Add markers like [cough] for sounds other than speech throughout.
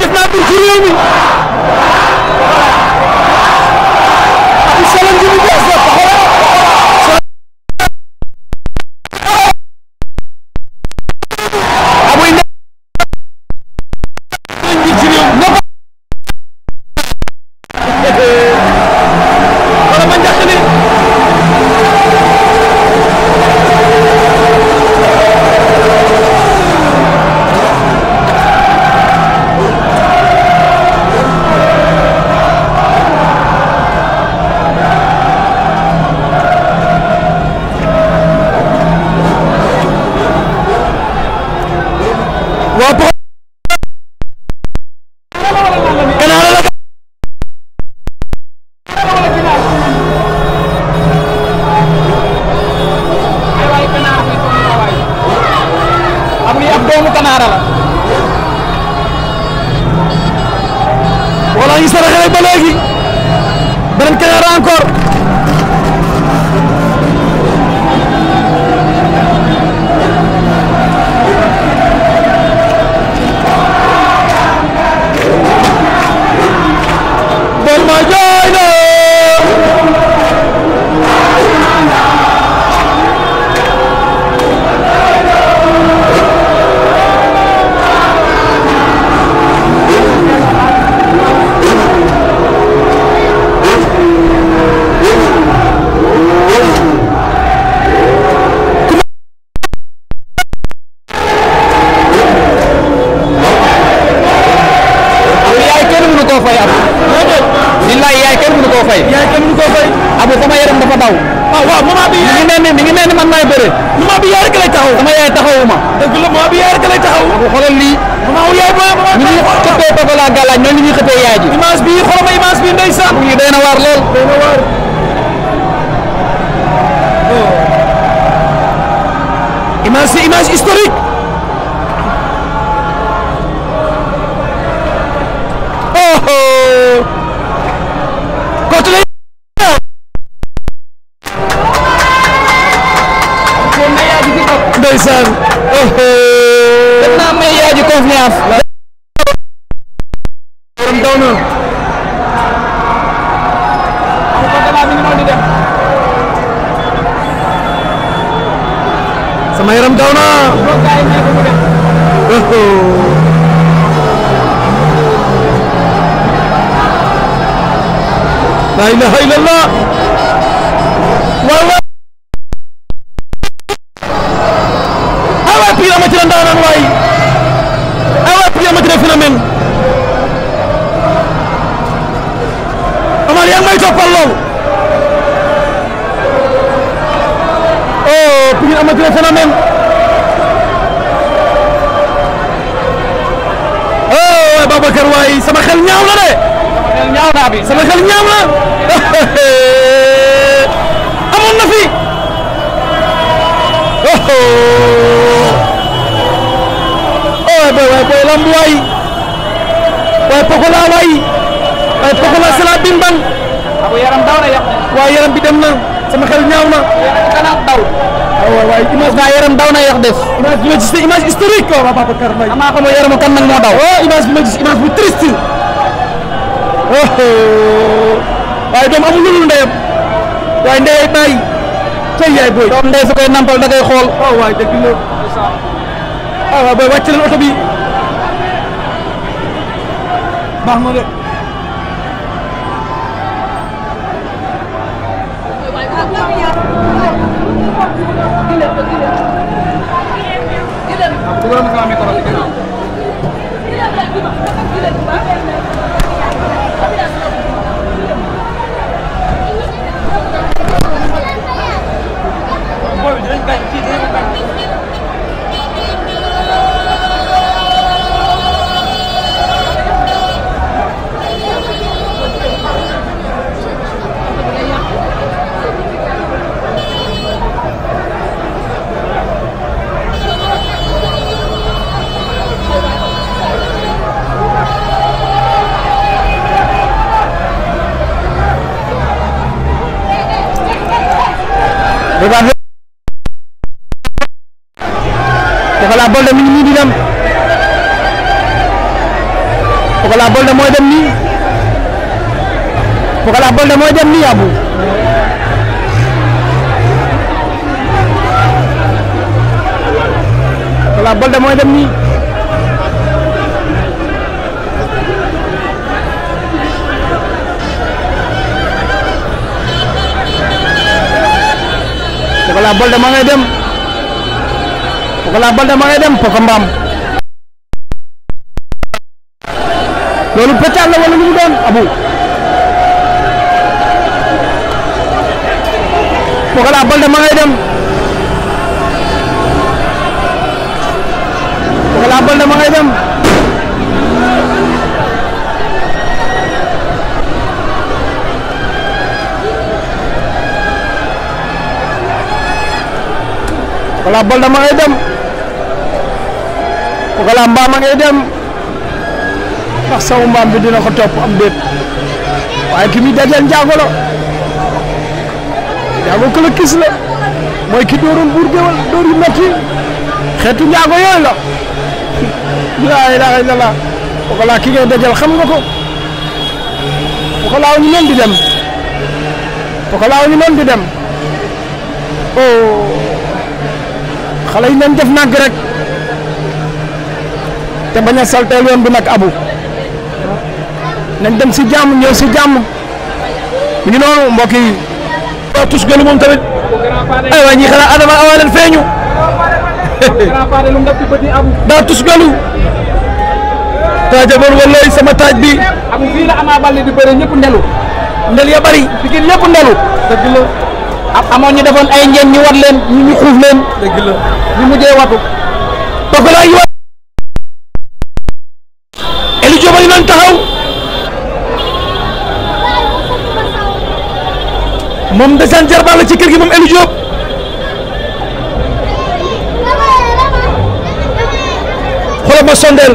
def naa tur ci réew mi. man maay bëre moment bi yaa rek lay taxaw sama yaay taxawuma dëgg la moment bi yaa rek lay taxaw xoolal lii moment wu yaay booy ñu ngi xëppee papa la gàllaaj ñoo ñu ngi xëppee yaay ji image bi xoolal ma image bi ndeysaan ñu day na waar lool day na waar oh. image c'est image historique la ilaha illallah waaw waaw awa pire amatina ndaanaan waay awa pire amatina phénomène Amar yaa ngi may toppal lool oh pire amatina phénomène oh Babacar waay sama xel ñaaw na de combat bi sama xel ñaaw na [laughs] amoon na fi oh, oh. oh boy waay boy lamb waay Pokola waay waay Pokola c'est yaram daw na bi dem na sama xel ñaaw na daw oh, waaw waay image bi yaram daw na yàq def image bi ma gis image historique waaw Babacar Mbaye amaa xamoo yaramu kan nag moo daw image bi ma gis image bu Oh. waaye doom amul lu dul ndeyam waaye ndeyay bàyyi tey yaay booy. doom ndey su koy nampal da ngay xool. waaw oh, waay dëgg la waaw ah, waaw booy wàcc leen bi Bougane Pokola Baldé mi ngi nii di dem Pokola Baldé mooy dem nii Pokola Baldé mooy dem nii Abou Pokola Baldé mooy dem nii Pokola Baldé ma ngay dem Pokola Baldé ma ngay dem Poko Mbaam loolu pétale la wala lu mu doon abu Pokola Baldé ma ngay dem ngay dem Pokola Baldé ma ngay dem Pokola mbaam ma ngay dem ndax sawu mbaam bi dina ko topp am déet waaye ki muy dajeel njaago la njaago ku la mooy ki dooroon buur géwal door yu metti xeetu njaago yooyu la laa ilaaha illallaah Pokola ki ngay dajeel xam nga ko Pokola wu ñu di dem Pokola wu ñu di dem oh. xale yi ngeen def nànk rek te bañ a salteel yoon bi nag abu nañ dem si jàmm ñoo si jàmm mu ngi noonu mbokk yi waaw tus gëlu moom tamit ay waay ñi adama awaa feeñu daa tus gëlu taajaboon wallaay sama taaj bi abu fii ya bari fi ñëpp amoon ñu defoon ay njeen ñu wat leen ñu xuuf leen. dëgg la ñu mujjee watu. parce que laay yëpp. a ngi doon taxaw. ci kër gi moom Ely Diop. xoolal sondeel.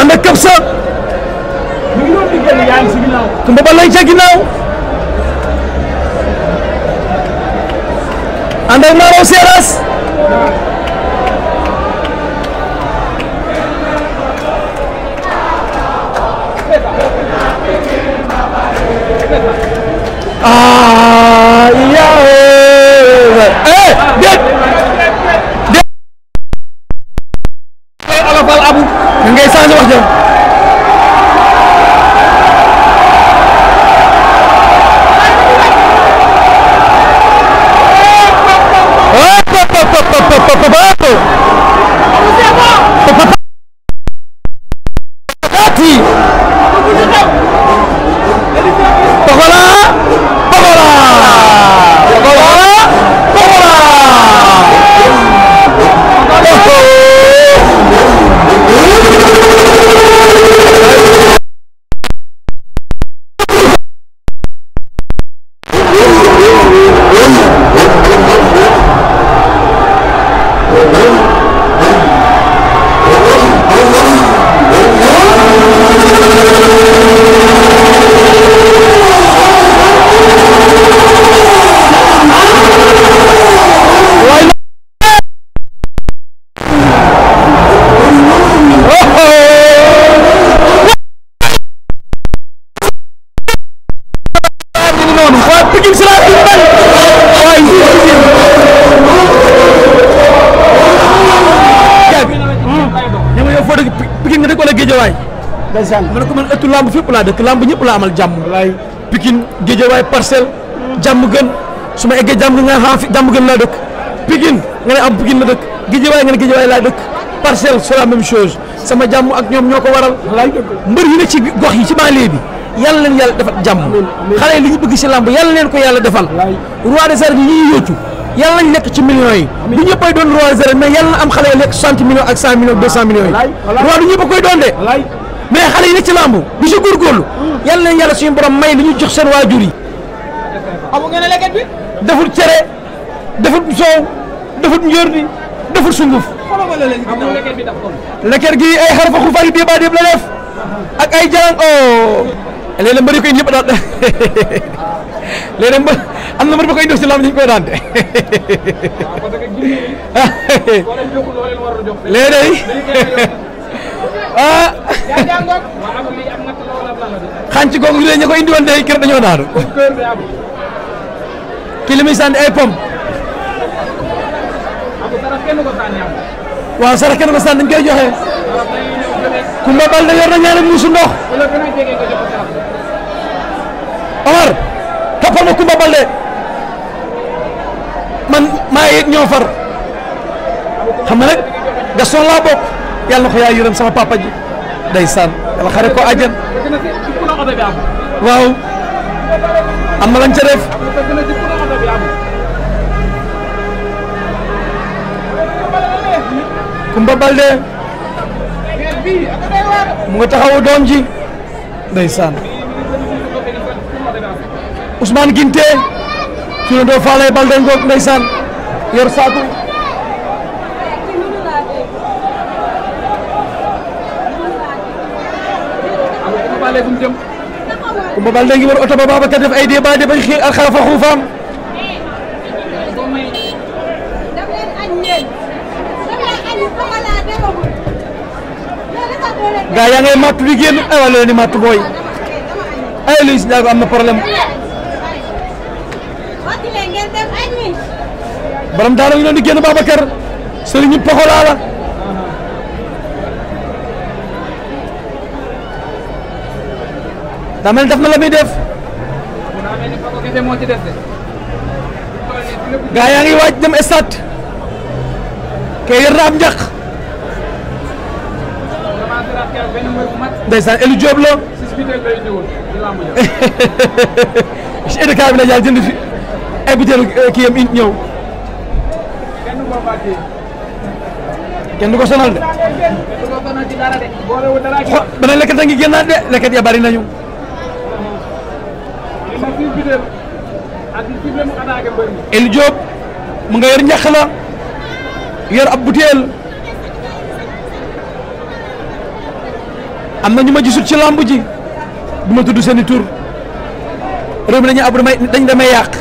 ànd ak këbsa. kumba ba lañ ca ginnaaw. ànd ak Maro Seras. ah yaa eh déet. géejawaay ndeysaan ma ne ko man ëttu lamb fépp laa dëkk lamb ñëpp laa amal jàmm Pikine géejawaay parcelle jàmm gën su ma eggee jàmm nga jàmm gën laa dëkk Pikine nga ne am Pikine la dëkk géejawaay nga ne géejawaay laa dëkk parcelle c'est la même chose sama jàmm ak ñoom ñoo ko waral mbër yi ne ci gox yi ci banlieue bi yàlla leen yàlla defal jàmm xale yi li ñu bëgg si lamb yàlla leen ko yàlla defal roi des arènes yi ñuy yóotu yàlla nañ nekk ci million yi du ñëpp ay doon roi zéro mais yàlla na am xale yi lekk 60 millions ak 100 millions 200 millions yi roi du ñëpp a koy doon de mais xale yi nekk ci làmb du si góorgóorlu mm. yàlla nañ yàlla suñu borom may li ñu jox seen waajur yi amu ngeen lekket bi deful cere deful soow deful njër ni deful sunguf lekket gi ay xarfa xurfaan yi débat yëpp la léeg-léeg mbër yi koy ñëpp daal [laughs] léeg-léeg am na mbër ba koy def si lam koy daante [laughs] léeg-léeg [laughs] ah xanc googu léegi ñu koy indiwoon day kër dañoo daanu ki li muy ay pom waaw sarax kenn ko sànni dañ koy joxe Kumba Baldé yor na ñaari mbuusu ndox Omar toppal ma Kumba Baldé man maa yëg ñoo far xam nga nag Gaston laa bokk yaa yërëm sama papa day saan waaw am na lañ ca Kumba Baldé mu nga taxawu doom ji ndeysaan Ousmane Ginte turandoo Falaye Baldé ngoog ndeysaan yor saako Kumba Baldé ngi war oto ba Babacar def ay débat de bañ xiir alxarafa xuufaam gaa yaa ngay màttu di génn ay wala ni màttu booy ay Liss Ndiago am na problème baram daana ngi doon di génn Babacar sëriñu Pokola la daa mel def la muy def gaa yaa ngi waaj dem stade ke yër na am ndeysaan Elu Diop la. ci la jaar jënd fi ay butéelu kii kenn du ko sonal de. xo beneen lekkat a ngi de lekkat ya bari nañu. mu nga yor ñax la yor am na ñu ma gisut ci lamb ji du ma tudd seen i tur réew mi dañuy ab damay dañ damay yàq